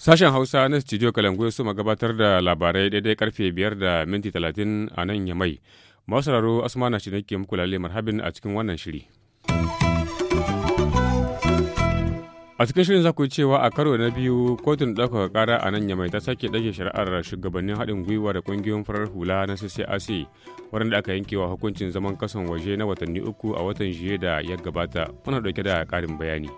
Sashen Hausa na studio Kalangu su gabatar da labarai daidai karfe biyar da minti talatin a nan Yamai. Masu sauraro Asmana shi nake muku lalle marhabin a cikin wannan shiri. a cikin shirin za cewa a karo na biyu kotun ɗaukaka ƙara a nan yamai ta sake ɗage shari'ar shugabannin haɗin gwiwa da ƙungiyoyin farar hula na ccac waɗanda aka yankewa hukuncin zaman kasan waje na watanni uku a watan jiya da ya gabata muna ɗauke da ƙarin bayani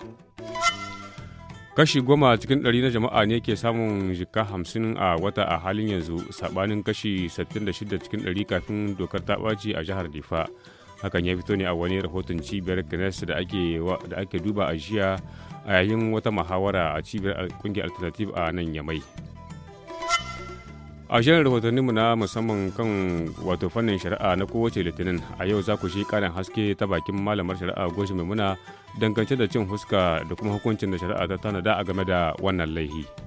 kashi goma cikin ɗari na jama'a ne ke samun jika hamsin a wata a halin yanzu saɓanin kashi shida cikin ɗari kafin dokar ta ɓaci a jihar difa hakan ya fito ne a wani rahoton cibiyar ganes da ake duba a jiya a yayin wata muhawara a cibiyar kungiyar alternative a nan yamai a shirin rahotanninmu na musamman kan wato fannin shari'a na kowace litinin a yau za ku shi karin haske ta bakin malamar shari'a goshi maimuna dangance da cin huska da kuma hukuncin da shari'a ta tanada a game da wannan laifi.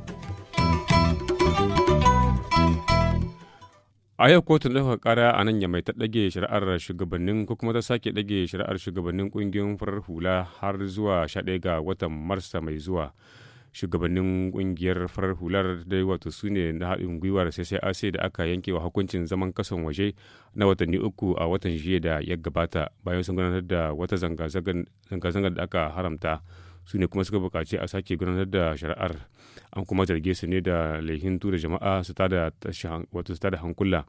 a yau kotun ɗaukar ƙara a nan ya mai ta ɗage shari'ar shugabannin ko kuma ta sake ɗage shari'ar shugabannin ƙungiyoyin farar hula har zuwa ɗaya ga watan marsa mai zuwa shugabannin ƙungiyar farar hular dai wato su ne na haɗin gwiwar ccrc da aka yanke wa hukuncin zaman kasan waje na watanni uku a watan jiya da ya gabata bayan sun gudanar da wata zanga-zangar da aka haramta su ne kuma suka buƙaci a sake gudanar da shari'ar an kuma zarge su ne da laihin tura jama'a su ta wato hankula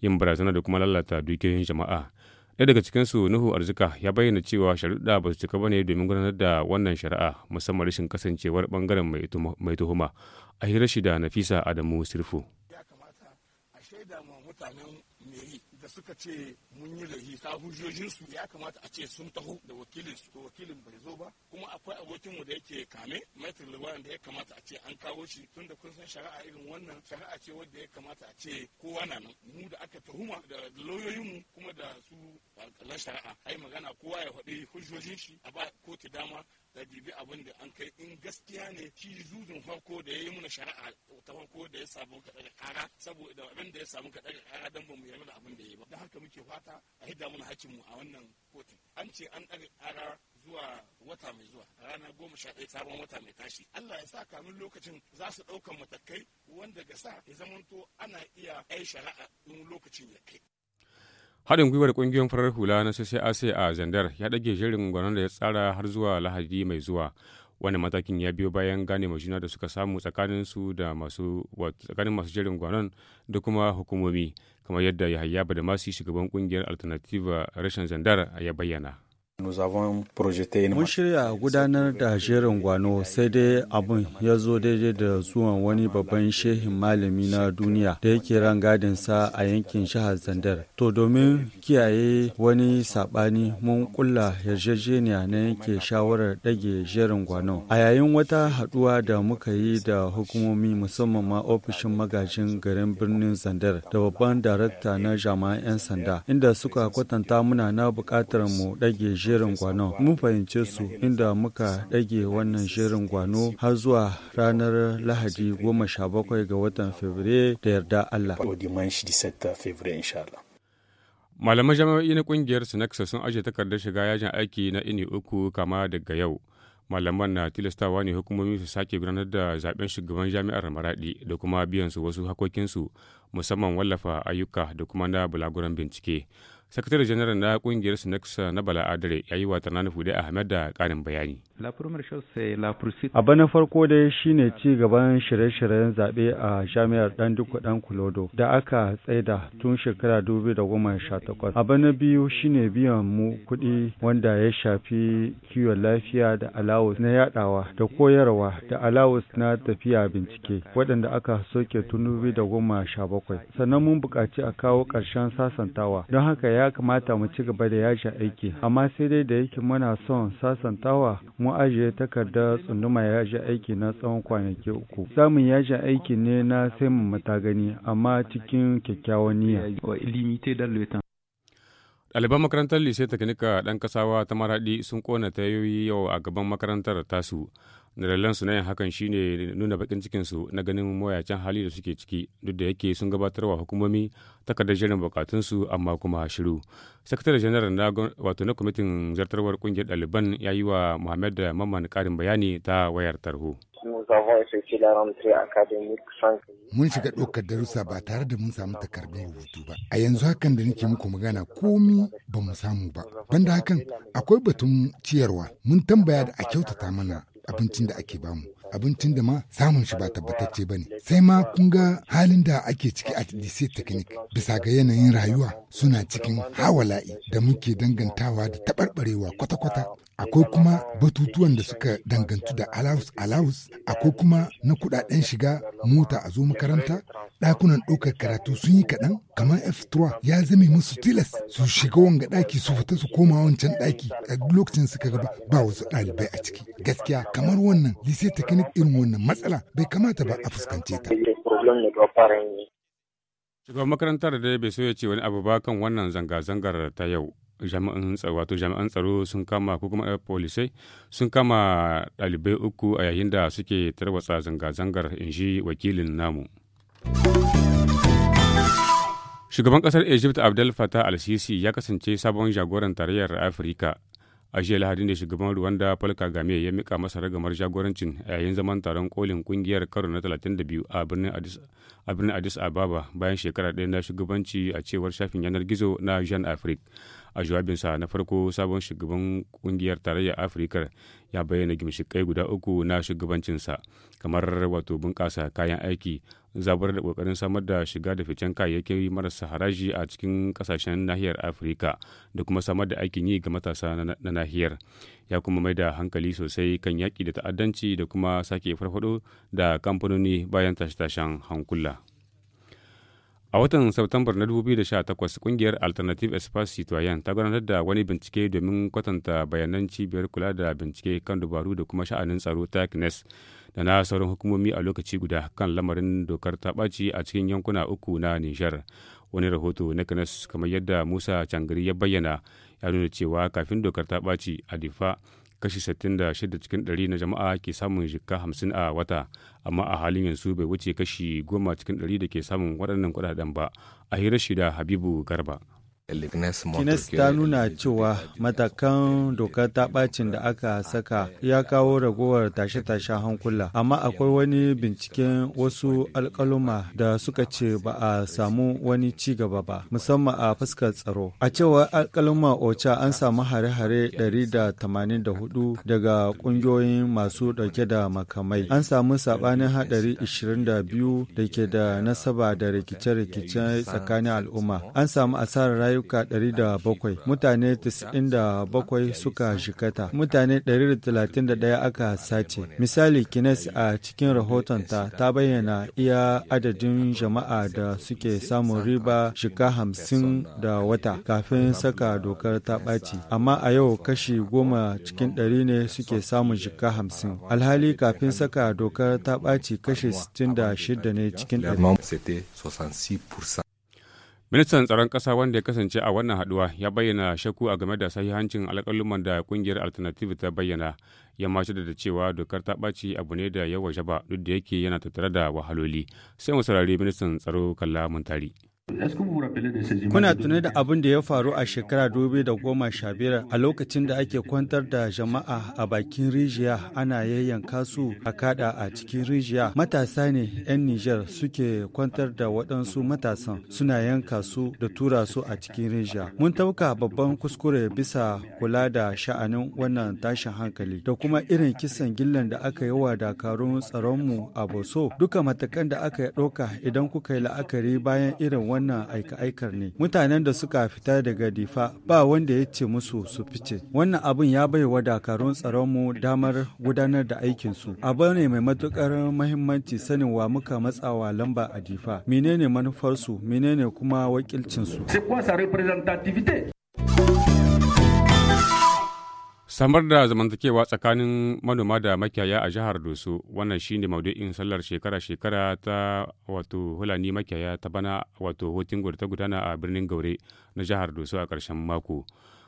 yin barazana da kuma lalata dukiyoyin jama'a ɗaya daga cikinsu nuhu arzika ya bayyana cewa shari'a ba su cika ba ne domin gudanar da wannan shari'a musamman rashin kasancewar bangaren mai tuhuma a hirar shi da nafisa adamu sirfu da suka ce mun yi lahi ka hujjojinsu ya kamata a ce sun taho da wakilin su wakilin bai zo ba kuma akwai abokin mu da yake kame maitre lewan da ya kamata a ce an kawo shi tun da kun san shari'a irin wannan shari'a ce wadda ya kamata a ce kowa na nan mu da aka tuhuma da mu kuma da su na shari'a ai magana kowa ya faɗi hujjojin shi a ba kotu dama da bibi abin da an kai in gaskiya ne shi zuzun farko da ya yi muna shari'a ta farko da ya samu ka ɗaga ƙara saboda abin da ya samu ka ɗaga ƙara dan ba mu yarda da abin da ya yi ba don haka muke fata a hidda muna hakkin mu a wannan kotu an ce an ɗaga ƙara zuwa wata mai zuwa ranar goma sha ɗaya sabon wata mai tashi Allah ya sa kamin lokacin za su ɗaukan matakai wanda ga sa ya zamanto ana iya ai shari'a in lokacin ya kai haɗin gwiwar ƙungiyoyin farar hula na ccrc a zandar ya ɗage jerin gwanon da ya tsara har zuwa lahadi mai zuwa wannan matakin ya biyo bayan gane juna da suka samu tsakanin su da masu tsakanin masu jerin gwanon da kuma hukumomi kamar yadda yahaya masu shugaban kungiyar alternativa rashin zandar ya bayyana Mun shirya gudanar da jerin gwano sai dai abun ya zo daidai da zuwan wani babban shehin malami na duniya da yake rangadin sa a yankin jihar Zandar. To domin kiyaye wani sabani mun kulla yarjejeniya na yanke shawarar ɗage jerin gwano. A yayin wata haɗuwa da muka yi da hukumomi musamman ma ofishin magajin garin birnin Zandar da babban darakta na jama'an 'yan sanda inda suka kwatanta muna na buƙatar mu ɗage shirin gwano mun fahimce su inda muka dage wannan shirin gwano har zuwa ranar lahadi goma sha bakwai ga watan fevrier da yarda allah malaman jami'o'i na kungiyar sinaxa sun ajiye takardar shiga yajin aiki na ini uku kama daga yau malaman na tilastawa ne hukumomi su sake gudanar da zaben shugaban jami'ar maradi da kuma biyan su wasu hakokinsu musamman wallafa ayyuka da kuma na bulaguran bincike sakatare janar na kungiyar sinexa na bala adare ya yi wa tanani fude ahmed da karin bayani A na farko dai shine ci gaban shirye-shiryen zaɓe a jami'ar dan duku dan kulodo da aka tsaida tun shekara takwas. abu na biyu shine biyan mu kuɗi wanda ya shafi kiwon lafiya da alawus na yadawa da koyarwa da alawus na tafiya bincike waɗanda aka soke tun bakwai. sannan mun buƙaci a kawo ƙarshen sasantawa don haka ya ya kamata mu ci gaba da yashi aiki amma sai dai da yake muna son sasantawa mu ajiye takardar tsunduma yashi aiki na tsawon kwanaki uku samun yashi aiki ne na sai mu mata gani amma cikin kyakkyawan niyya ɗaliban makarantar lise teknika ɗan kasawa ta maraɗi sun kona tayoyi yau a gaban makarantar tasu dalilansu na yin hakan shine nuna bakin cikinsu na ganin mawayacin hali da suke ciki duk da yake sun gabatar wa hukumomi takardar shirin bukatunsu amma kuma shiru sakatare janar na wato na kwamitin zartarwar kungiyar daliban ya yi wa muhammad da mamman karin bayani ta wayar tarho Mun shiga ɗaukar darussa ba tare da mun samu takardun rubutu ba. A yanzu hakan da nake muku magana komi ba mu samu ba. Banda hakan akwai batun ciyarwa. Mun tambaya da a kyautata mana abincin da ake bamu abincin da ma samun shi ba tabbatacce ba ne sai ma kun ga halin da ake ciki a lycée technique bisa ga yanayin rayuwa suna cikin hawala'i da muke dangantawa da taɓarɓarewa kwata-kwata akwai kuma batutuwan da suka dangantu da alawus alaus akwai kuma na kuɗaɗen shiga mota a zo makaranta ɗakunan ɗaukar karatu sun yi kaɗan kamar F3 ya zame musu tilas su shiga wanga ɗaki su fita su koma wancan ɗaki a lokacin suka gaba ba wasu ɗalibai a ciki. Gaskiya kamar wannan lise teknik irin wannan matsala bai kamata ba a fuskance ta. Shugaban makarantar da bai so ya ce wani abu ba kan wannan zanga-zangar ta yau. jami'an tsaro wato jami'an tsaro sun kama ko kuma polisai sun kama ɗalibai uku a yayin da suke tarwatsa zanga-zangar in ji wakilin namu. Shugaban ƙasar Egypt Abdel Fattah al-Sisi ya kasance sabon jagoran tarayyar Afirka. A jiya Lahadin da shugaban Rwanda Paul Kagame ya mika masa ragamar jagorancin yayin zaman taron kolin kungiyar karo na 32 a birnin Addis Ababa bayan shekara ɗaya na shugabanci a cewar shafin yanar gizo na Jean Afrique. a jawabinsa na farko sabon shugaban kungiyar tarayyar afirka ya bayyana gimshikai guda uku na shugabancinsa kamar wato bunƙasa kayan aiki zabar da ƙoƙarin samar da shiga da ficen kayayyaki marasa haraji a cikin ƙasashen nahiyar afirka da kuma samar da aikin yi ga matasa na nahiyar ya kuma mai da hankali sosai kan yaƙi da ta'addanci da kuma sake farfado da kamfanoni bayan tashe-tashen hankula. A watan Satumbar na 2018, kungiyar Alternative Espace Citoyen ta gudanar da wani bincike domin kwatanta bayanan cibiyar kula da bincike kan dubaru da kuma sha'anin tsaro ta CNES da na sauran hukumomi a lokaci guda kan lamarin dokar ta ɓaci a cikin yankuna uku na Nijar. Wani rahoto na CNES kamar yadda Musa Cangari ya bayyana ya nuna cewa kafin dokar ta ɓaci a Difa kashi 66 cikin 100 na jama'a ke samun jikka 50 a wata amma a halin yanzu bai wuce kashi 10 cikin 100 da ke samun waɗannan kuɗaɗen ba a hirar shida habibu garba Kines ta nuna cewa matakan dokar ta bacin da aka saka ya kawo ragowar tashe-tashen hankula, amma akwai wani binciken wasu alkaluma da suka ce ba a samu wani ci gaba ba, musamman a fuskar tsaro. A cewar alkaluma oca, an samu hare-hare 184 daga kungiyoyin masu dauke da makamai. An samu sabanin hadari 22 da ke da nasaba da rikice-rikice tsakanin al'umma. An samu asarar rayuka 107 mutane 97 suka jikata mutane 131 aka sace misali kines a cikin rahotonta ta bayyana iya adadin jama'a da suke samun riba shika hamsin da wata kafin saka dokar ta ɓaci amma a yau kashi goma cikin ɗari ne suke samun shika hamsin alhali kafin saka dokar ta ɓaci kashi 66 ne cikin ɗari Ministan tsaron ƙasa wanda ya kasance a wannan haduwa ya bayyana shakku a game da sahihancin alƙaluman da ƙungiyar Alternative ta bayyana ya mashi da cewa dokar ta ɓaci abu ne da yawa ba duk da yake yana tattare da wahaloli. Sai mu saurari ministan tsaro kalla muntari. tari. Kuna tuni da abin da ya faru a shekara da goma sha biyar a lokacin da ake kwantar da jama'a a bakin rijiya ana yayyanka su a kada a cikin rijiya. Matasa ne 'yan Nijar suke kwantar da waɗansu matasan suna yanka su da tura su a cikin rijiya. Mun tauka babban kuskure bisa kula da sha'anin wannan tashin hankali da kuma irin kisan gillan da aka yi wa dakarun tsaronmu a Boso. Duka matakan da aka ɗauka idan kuka yi la'akari bayan irin wannan aika-aikar ne mutanen da suka fita daga difa ba wanda ya ce musu su fice wannan abin ya bai wa dakarun tsaronmu damar gudanar da aikinsu abu ne mai matukar mahimmanci sanin wa muka matsa wa lamba a difa menene manufarsu menene kuma wakilcinsu samar da zamantakewa tsakanin manoma da makiyaya a jihar doso wannan shine maudu'in sallar shekara-shekara ta wato hulani makiyaya ta bana wato hotun ta gudana a birnin gaure na jihar doso a ƙarshen mako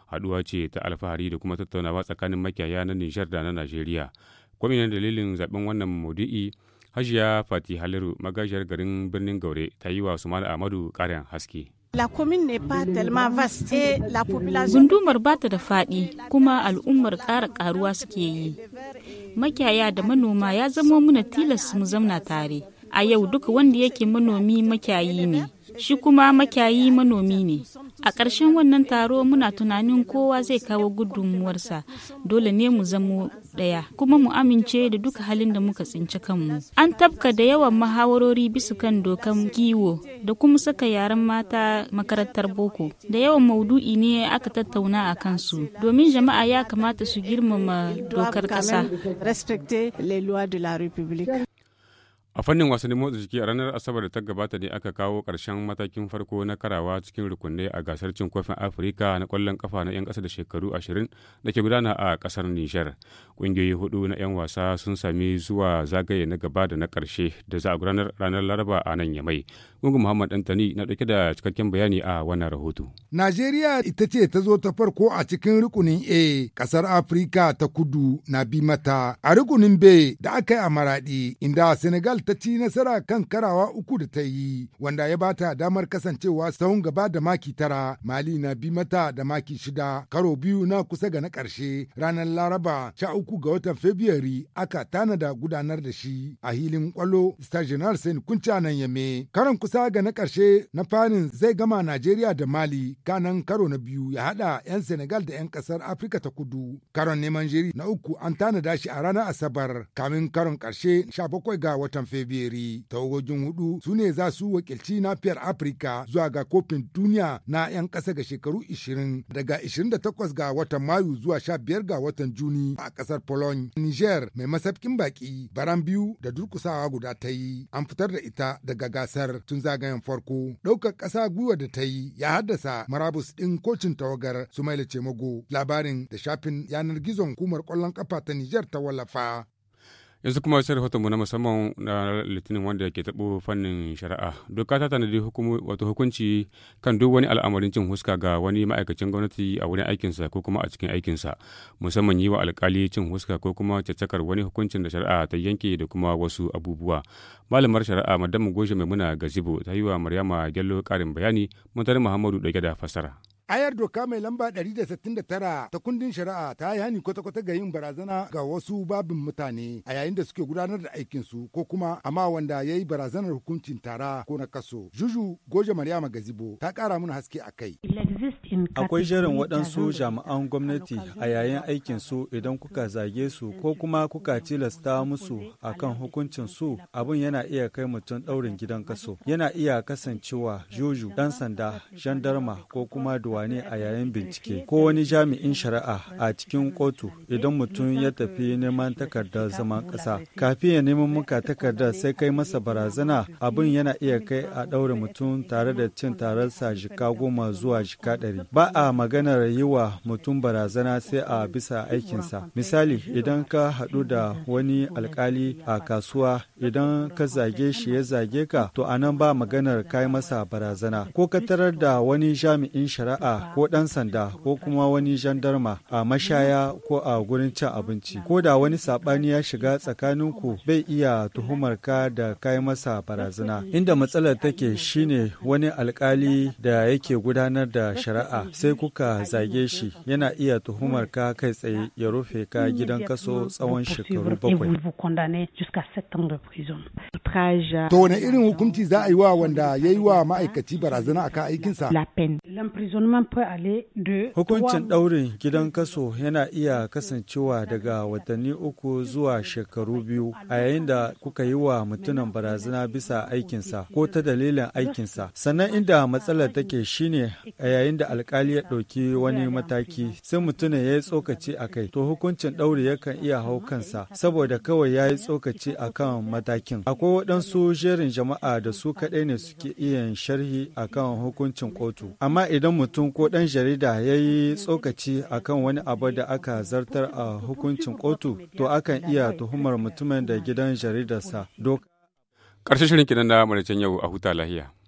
haɗuwa ce ta alfahari da kuma tattaunawa tsakanin makiyaya na nijar da na najeriya kwaminan dalilin zaben wannan maudu'i hajiya fati haliru magajiyar garin birnin gaure ta yi wa sumana amadu ƙarin haske La commune n'est Gundumar ba ta da faɗi kuma al'ummar ƙara ƙaruwa suke yi. Makiyaya da manoma ya zama muna tilas mu zamna tare. A yau duka wanda yake manomi makiyayi ne. shi kuma makyayi manomi ne. A ƙarshen wannan taro muna tunanin kowa zai kawo gudunmuwarsa dole ne mu zamo ɗaya kuma mu amince da duka halin da muka tsinci kanmu. An tabka da yawan mahawarori bisa kan dokan kiwo da kuma saka yaren mata makarantar boko da yawan maudu'i ne aka tattauna a kansu domin jama'a ya kamata su girmama dokar ƙasa. A fannin wasannin motsa jiki a ranar Asabar da ta gabata ne aka kawo ƙarshen matakin farko na karawa cikin rukunai a gasar cin kofin Afirka na ƙwallon ƙafa na 'yan ƙasa da shekaru ashirin da ke gudana a ƙasar Nijar. Ƙungiyoyi hudu na 'yan wasa sun sami zuwa zagaye na gaba da na ƙarshe da za a gudanar ranar Laraba a nan Yamai. Gungun Muhammad Dantani na ɗauke da cikakken bayani a wannan rahoto. Najeriya ita ce ta zo ta farko a cikin rukunin A, ƙasar Afrika ta kudu na bi mata a rukunin B da aka yi a Maraɗi, inda Senegal ta ci nasara kan karawa uku da ta yi, wanda ya bata damar kasancewa sahun gaba da maki tara, Mali na bi mata da maki shida, karo biyu na kusa ga na karshe ranar Laraba sha uku ga watan Fabrairu aka tanada gudanar da shi a hilin kwallo Stajinar Sen Kunca nan Yame, karan kusa Wasa ga na karshe na fanin zai gama Najeriya da Mali kanan karo na biyu ya haɗa 'yan Senegal da 'yan ƙasar Afirka ta kudu. Karon neman jiri na uku an tanada shi a ranar Asabar kamin karon ƙarshe 17 ga watan Fabrairu. Tawagogin hudu su ne za su wakilci na fiyar Afirka zuwa ga kofin duniya na 'yan ƙasa ga shekaru 20 daga 28 ga watan Mayu zuwa 15 ga watan Juni a ƙasar Pologne. Niger mai masafkin baƙi. baran biyu da durkusawa guda ta yi an fitar da ita daga gasar tun zagayen farko ɗaukar ƙasa gwiwa da ta yi ya haddasa marabus ɗin kocin tawagar Sumaila Cemago labarin da shafin yanar gizon hukumar ƙwallon ƙafa ta Nijar ta wallafa. yanzu kuma sai rahoton mu na musamman na litinin wanda ke taɓo fannin shari'a doka ta tanadi wato hukunci kan duk wani al'amarin cin huska ga wani ma'aikacin gwamnati a wurin aikinsa ko kuma a cikin aikinsa musamman yi wa alkali cin huska ko kuma caccakar wani hukuncin da shari'a ta yanke da kuma wasu abubuwa malamar shari'a madamu goshe muna gazibo ta yi wa maryama gyallo karin bayani mutane muhammadu ɗauke da fasara. Ayar doka mai lamba 169 ta kundin shari'a ta yi hani kwata-kwata ga yin barazana ga wasu babin mutane a yayin da suke gudanar da aikinsu ko kuma amma wanda ya yi barazanar hukuncin tara ko na kaso. Juju Goje Maryama Gazibo ta kara mun haske a kai. Akwai jerin waɗansu jami'an gwamnati a yayin aikinsu idan kuka zage su ko kuma kuka tilasta musu akan hukuncin su abin yana iya kai mutum ɗaurin gidan kaso. Yana iya kasancewa juju ɗan sanda, gendarma ko kuma bayarwa ne a yayin bincike ko wani jami'in shari'a a cikin kotu idan mutum ya tafi neman takardar zaman ƙasa. Kafin ya neman muka takardar sai kai masa barazana abin yana iya kai a ɗaure mutum tare da cin tararsa jika goma zuwa jika ɗari. Ba a maganar yi wa mutum barazana sai a bisa aikinsa. Misali idan ka haɗu da wani alkali a kasuwa idan ka zage shi ya zage ka to anan ba maganar kai masa barazana ko ka tarar da wani jami'in shari'a shari'a ko ɗan sanda ko kuma wani jandarma a mashaya ko a gurin cin abinci ko da wani saɓani ya shiga tsakaninku bai iya tuhumar ka da kai masa barazana inda matsalar take shine wani alkali da yake gudanar da shari'a sai kuka zage shi yana iya tuhumar ka kai tsaye ya rufe ka gidan kaso tsawon shekaru bakwai To wani irin hukunci za a yi wa wanda ya yi wa ma'aikaci barazana a kan aikinsa? Hukuncin ɗaurin gidan kaso yana iya kasancewa daga watanni uku zuwa shekaru biyu a yayin da kuka yi wa mutumin barazana bisa aikinsa ko ta dalilin aikinsa. Sannan inda matsalar take shine a yayin da alkali ya ɗauki wani mataki sai mutumin ya yi tsokaci a kai to hukuncin ɗauri yakan iya hau kansa saboda kawai ya yi tsokaci a kan matakin. Akwai waɗansu jerin jama'a da su kaɗai ne suke iya sharhi a kan hukuncin kotu. Amma idan mutum mutum ko ɗan jarida ya yi tsokaci akan wani abu da aka zartar a hukuncin kotu to akan iya tuhumar mutumin da gidan jaridarsa. Ƙarshen shirin kinan da maraicen yau a huta lahiya.